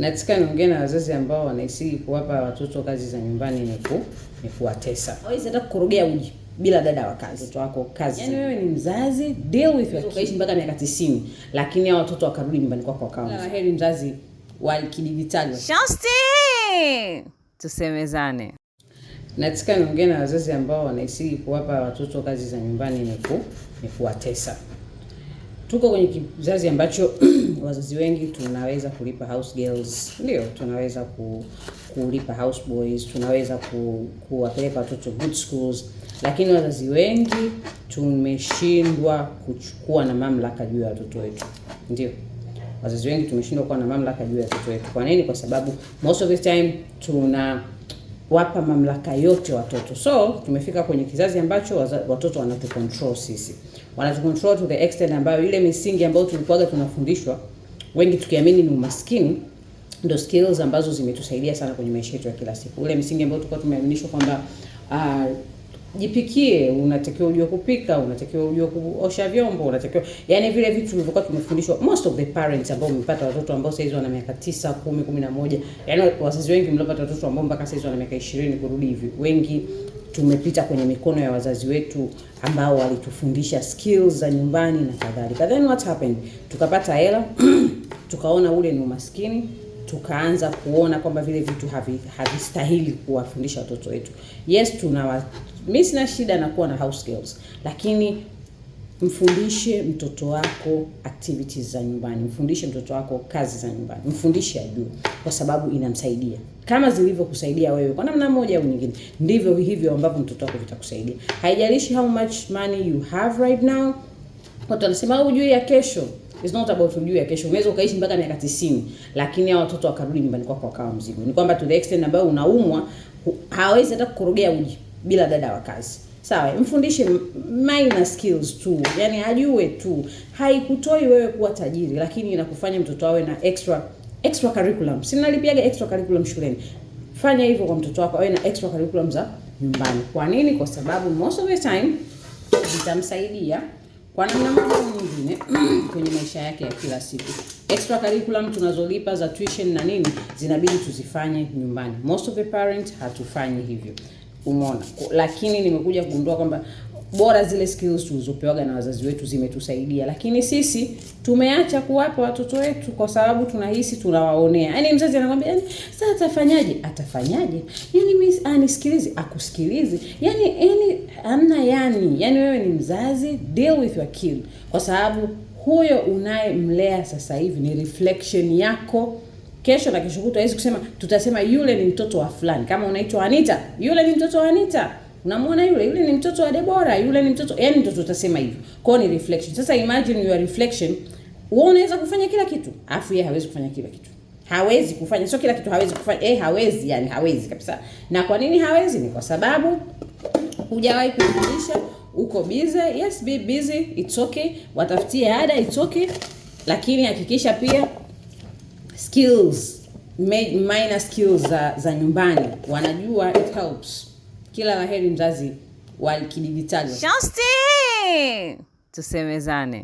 Nataka niongee na wazazi ambao wanahisi kuwapa watoto kazi za nyumbani ni ku, ni kuwatesa. Hawezi hata kukorogea uji bila dada wa kazi. Watoto wako kazi. Yaani wewe ni mzazi, deal with your kids mpaka miaka 90, lakini hao watoto wakarudi nyumbani kwako kwa kaunti. Na heri mzazi wa kidijitali. Shosti! Tusemezane. Nataka niongee na wazazi ambao wanahisi kuwapa watoto kazi za nyumbani ni ku, ni kuwatesa. Tuko kwenye kizazi ambacho wazazi wengi tunaweza kulipa house girls, ndio tunaweza ku, kulipa house boys, tunaweza ku, kuwapeleka watoto good schools, lakini wazazi wengi tumeshindwa kuchukua na mamlaka juu ya watoto wetu, ndio wazazi wengi tumeshindwa kuwa na mamlaka juu ya watoto wetu. Kwa nini? Kwa sababu most of the time tuna wapa mamlaka yote watoto. So tumefika kwenye kizazi ambacho watoto wanatucontrol sisi, wanatucontrol to the extent ambayo ile misingi ambayo tulikuwaga tunafundishwa wengi tukiamini ni umaskini ndo skills ambazo zimetusaidia sana kwenye maisha yetu ya kila siku. Ule msingi ambao tulikuwa tumeaminishwa kwamba uh, jipikie, unatakiwa ujue kupika, unatakiwa ujue kuosha vyombo, unatakiwa yani vile vitu vilivyokuwa tumefundishwa most of the parents ambao wamepata watoto ambao saizi wana miaka 9, 10, 11, yani wazazi wengi mliopata watoto ambao mpaka saizi wana miaka 20 kurudi hivi, wengi tumepita kwenye mikono ya wazazi wetu ambao walitufundisha skills za nyumbani na kadhalika. Then what happened? Tukapata hela tukaona ule ni umaskini tukaanza kuona kwamba vile vitu havistahili havi kuwafundisha watoto wetu. Yes, tuna mimi sina shida na kuwa na house girls, lakini mfundishe mtoto wako activities za nyumbani, mfundishe mtoto wako kazi za nyumbani, mfundishe ajue, kwa sababu inamsaidia kama zilivyokusaidia wewe kwa namna moja au nyingine, ndivyo hivyo ambavyo mtoto wako vitakusaidia. Haijalishi how much money you have right now, watu wanasema oh, hujui ya kesho. It's not about ujui ya kesho. Unaweza ukaishi mpaka miaka 90, lakini hao watoto wakarudi nyumbani kwako wakawa mzigo. Ni kwamba to the extent ambayo unaumwa hawezi hata kukorogea uji bila dada wa kazi. Sawa, mfundishe minor skills tu, yani ajue tu. Haikutoi wewe kuwa tajiri, lakini inakufanya mtoto awe na extra extra curriculum. Si nalipiaga extra curriculum shuleni. Fanya hivyo kwa mtoto wako awe na extra curriculum za nyumbani. Kwa nini? Kwa sababu most of the time zitamsaidia kwa namna moja au nyingine kwenye maisha yake ya kila siku. Extra curriculum tunazolipa za tuition na nini zinabidi tuzifanye nyumbani. Most of the parents hatufanyi hivyo. Umeona, lakini nimekuja kugundua kwamba bora zile skills tulizopewaga na wazazi wetu zimetusaidia, lakini sisi tumeacha kuwapa watoto wetu kwa sababu tunahisi tunawaonea. Yaani mzazi anakwambia, yaani sasa atafanyaje? Atafanyaje? Yaani mimi anisikilizi, akusikilizi. Yaani yaani amna yani. Yaani wewe ni mzazi, deal with your kid kwa sababu huyo unayemlea sasa hivi ni reflection yako kesho na kesho kutwa. Hawezi kusema tutasema yule ni mtoto wa fulani. Kama unaitwa Anita, yule ni mtoto wa Anita. Unamwona yule yule ni mtoto wa Debora, yule ni mtoto yani, mtoto utasema hivyo. Kwa ni reflection. Sasa imagine your reflection, wewe unaweza kufanya kila kitu, afu yeye hawezi kufanya kila kitu. Hawezi kufanya sio kila kitu, hawezi kufanya eh, hawezi yani, hawezi kabisa. Na kwa nini hawezi? Ni kwa sababu hujawahi kujifundisha, uko busy. Yes, be busy, it's okay. Watafutie ada, it's okay, lakini hakikisha pia skills minor skills za, za nyumbani wanajua, it helps kila laheri mzazi wa kidijitali. Shosti, tusemezane.